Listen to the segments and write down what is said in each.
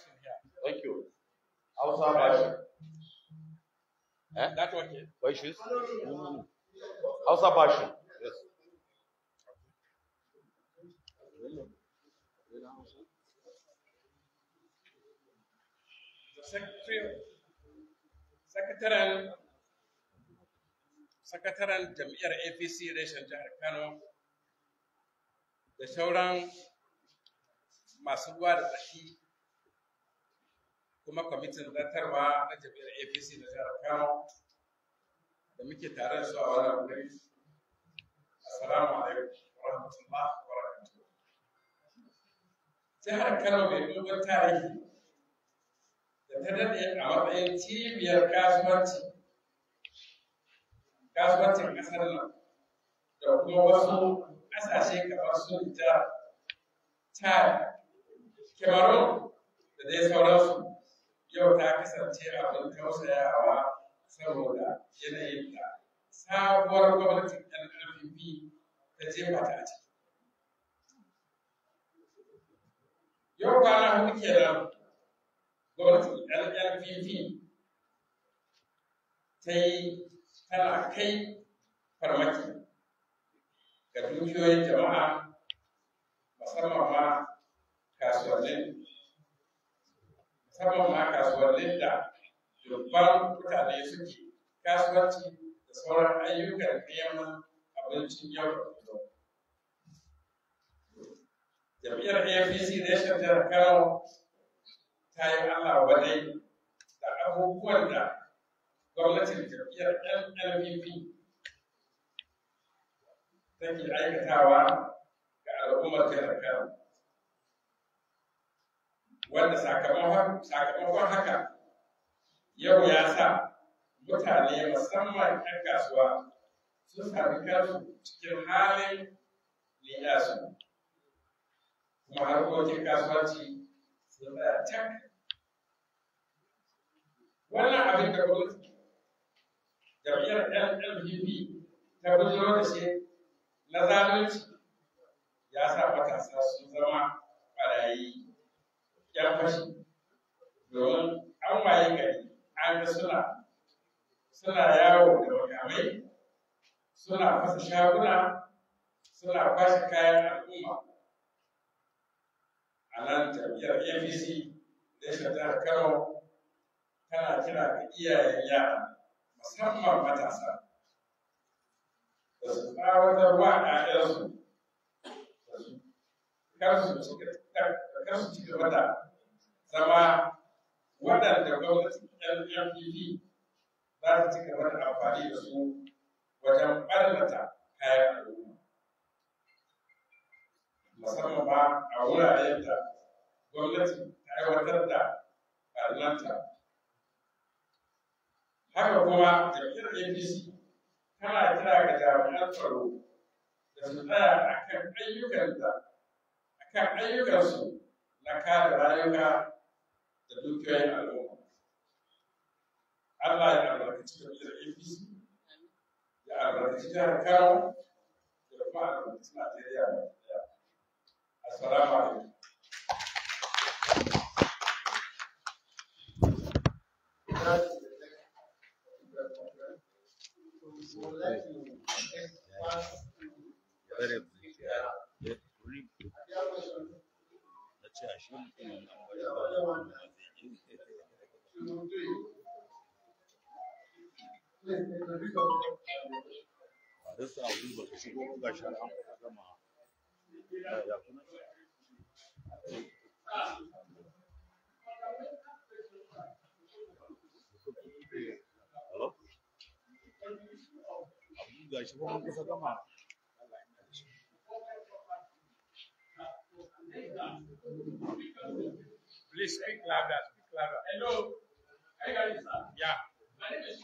here. Thank you. Also passion. Eh? That okay. White shoes. How's Also passion. Yes. Secretary, secretary, secretary, Jamir APC reshen jihar Kano da sauran masu kuma kwamitin zartarwa na jami'ar apc na jihar kano da muke tare da su a wannan wuri assalamu alaikum warahmatullah wabarakatuh jihar kano mai dogon tarihi da ta daɗe a matsayin cibiyar kasuwanci kasuwancin ƙasar nan da kuma wasu ƙasashe kamar su Nijar, Chad, kemaro da dai sauransu. yau ta kasance abin tausayawa saboda yanayin da sabuwar gwamnatin NRPP ta ba ta Yau kwana hudu kenan gwamnatin NRPP ta yi tana kai farmaki ga dukiyoyin jama'a musamman ma kasuwannin saboda ma kasuwannin da dubban mutane suke kasuwanci da sauran ayyukan neman abincin yau da kullum. Jam'iyyar AFDC Nation Jihar Kano ta yi Allah wadai da abubuwan da gwamnatin jam'iyyar NNPP take aikatawa ga al'ummar jihar Kano. wanda sakamakon haka yau ya sa mutane musamman 'yan kasuwa sun sami kansu cikin halin liyasu kuma harkokin kasuwanci sun tsaya cak wannan abin da gwamnati jami'ar LMPP ta bujiro da shi na zalunci ya sa matasa sun zama ɓarayi ya fashi domin an waye gari an ga suna suna yawo da makamai suna fasa shaguna suna kwashe kayan al'umma a nan tafiyar apc da shatar kano tana kira ga iyayen yara musamman matasa da su tsawatar wa 'ya'yansu da su kar su cika kar su ci gaba da zama waɗanda gwamnatin LMPD za su ci gaba da amfani da su wajen ɓarnata kayan al'umma. Musamman ba a wuraren da gwamnati ta aiwatar da ɓarnata. Haka kuma jam'iyyar APC tana kira ga jami'an tsaro da su tsaya a kan ayyukansu na a rayuka da dukiyoyin al'umma Allah ya albarkaci da biyar APC ya albarkaci jihar Kano da kuma albarkaci Najeriya da ɗaya. Assalamu alaikum. Very 对对对，对那个领导，这个阿叔不就是那个啥嘛？哎呀，你这 Please speak louder. Speak louder. Hello. Hey, guys. Yeah. My name is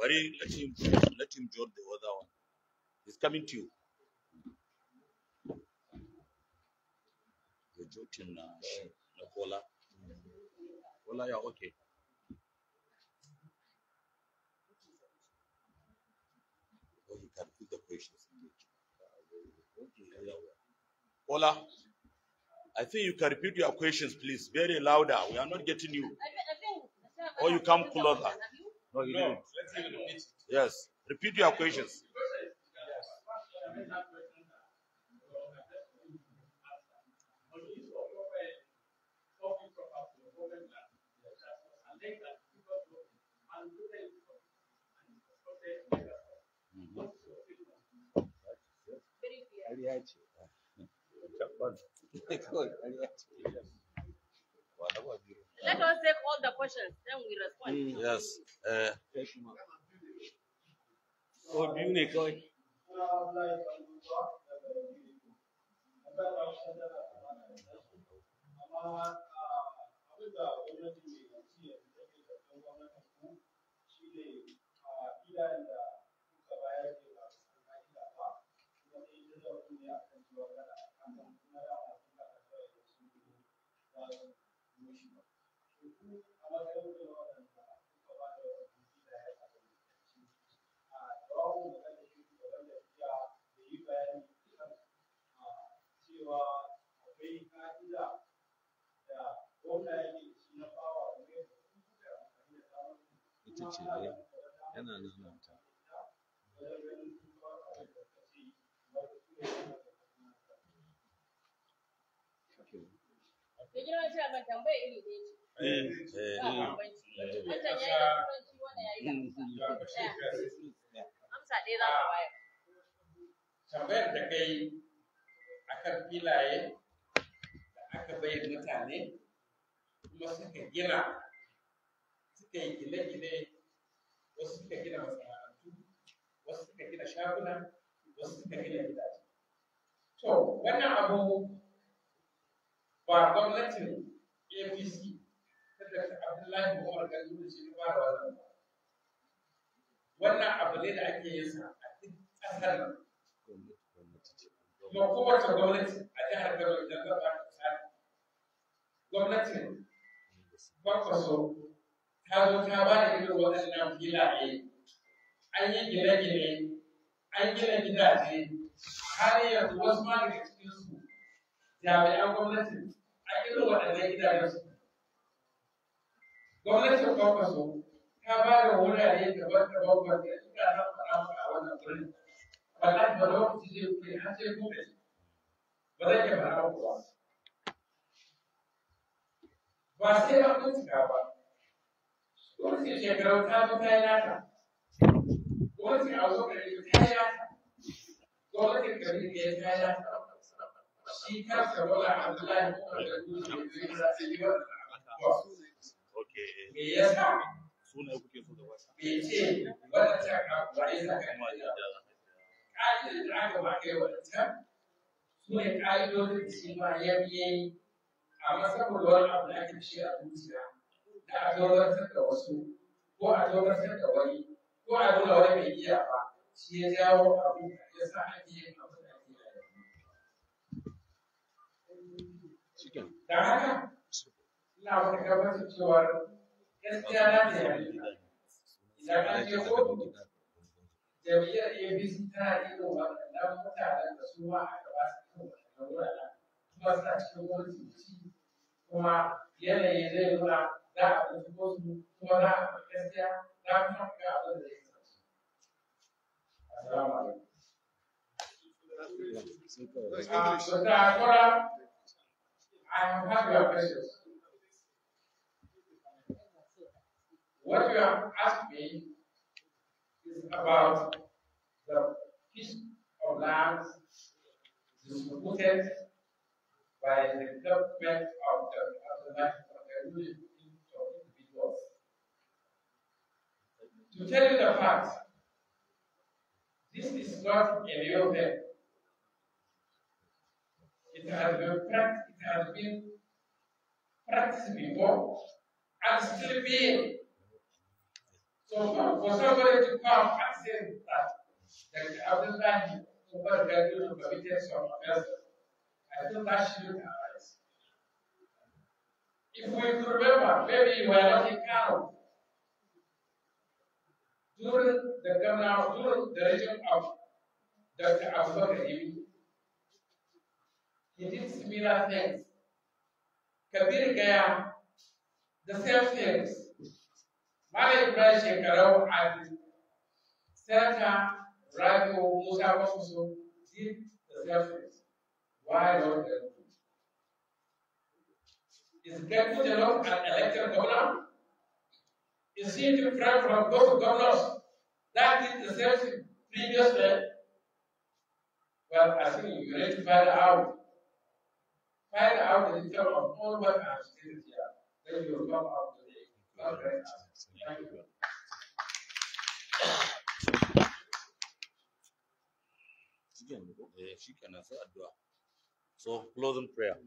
very let him let him join the other one he's coming to you okay the I think you can repeat your questions, please, very louder. Ah. We are not getting you. Or you come closer. No, you no, not Yes, repeat your questions. Yes. Let us take all the questions, then we respond. Yes. Uh, ce. Eh, eh, eh. Tambayar da kai akan filaye da aka bayar mutane kuma suka gina suka yi gine-gine wasu suka gina masana'antu wasu suka gina shaguna wasu suka gina gidaje to wannan abu ba gwamnatin apc ta da abdullahi umar gandu ce ba fara wannan ba wannan abu ne da ake yin sa a duk ƙasar nan kuma kowace gwamnati a jihar kano idan zan ba ta misali gwamnatin kwakwaso ta ta ba da irin waɗannan filaye an yi gine-gine an gina gidaje har yanzu wasu ma daga cikinsu jami'an gwamnati a irin waɗannan gidajen su gwamnatin kwakwaso ta ba da wurare daban-daban wanda ina nan faɗa maka a wannan wurin wallahi ba lokaci zai kuɗi har sai gobe ba zai iya faɗa ba ba sai an bincika ba wasu shekaru ta zo ta yi nata wasu a zo gari ta yi nata wasu gari da ya ta yi nata shi kansa wala abdullahi kuma da dutse da ta yi wata me ya sa bai ce wata ta kawo ya sa kan ƙa'idar da aka ba kai wata su ne ƙa'idodin da shi ma ya biye amma saboda wani abu da ake shi a zuciya na a zauratar da wasu ko a zauratar da wani ko a nuna wani mai iya ba shi ya jawo abu ya sa ake yin abu da ake yi da haka ina wani gabatar cewar gaskiya na da yari idan an je ko? jam'iyyar abc tana da irin waɗannan mutanen da su ma aka ba su kuma suna cikin wani ci kuma yanayi I am happy. What you have asked me is about the piece of land distributed by the development of the, of of the ruling individuals. To tell you the fact, this is not a new thing. It has been practiced, it has been practiced before and still being. So for, for somebody to come and say that over the Umar of committed some offenses I think that should arise. If we could remember, maybe we were not in Kano. During the governor, during the region of Dr. Abubakar he did similar things. Kabir Gaya, the same things. Malam Ibrahim Shekarau and Senator Rabiu Musa Bafuso did the same things. why not is Captain General an elected governor? Is he different from those governors that is the same previously? Well, I think you need to find out. Find out the detail of all what I have stated here. Then you will come out with the okay. Thank you. Again, she can answer a so close in prayer.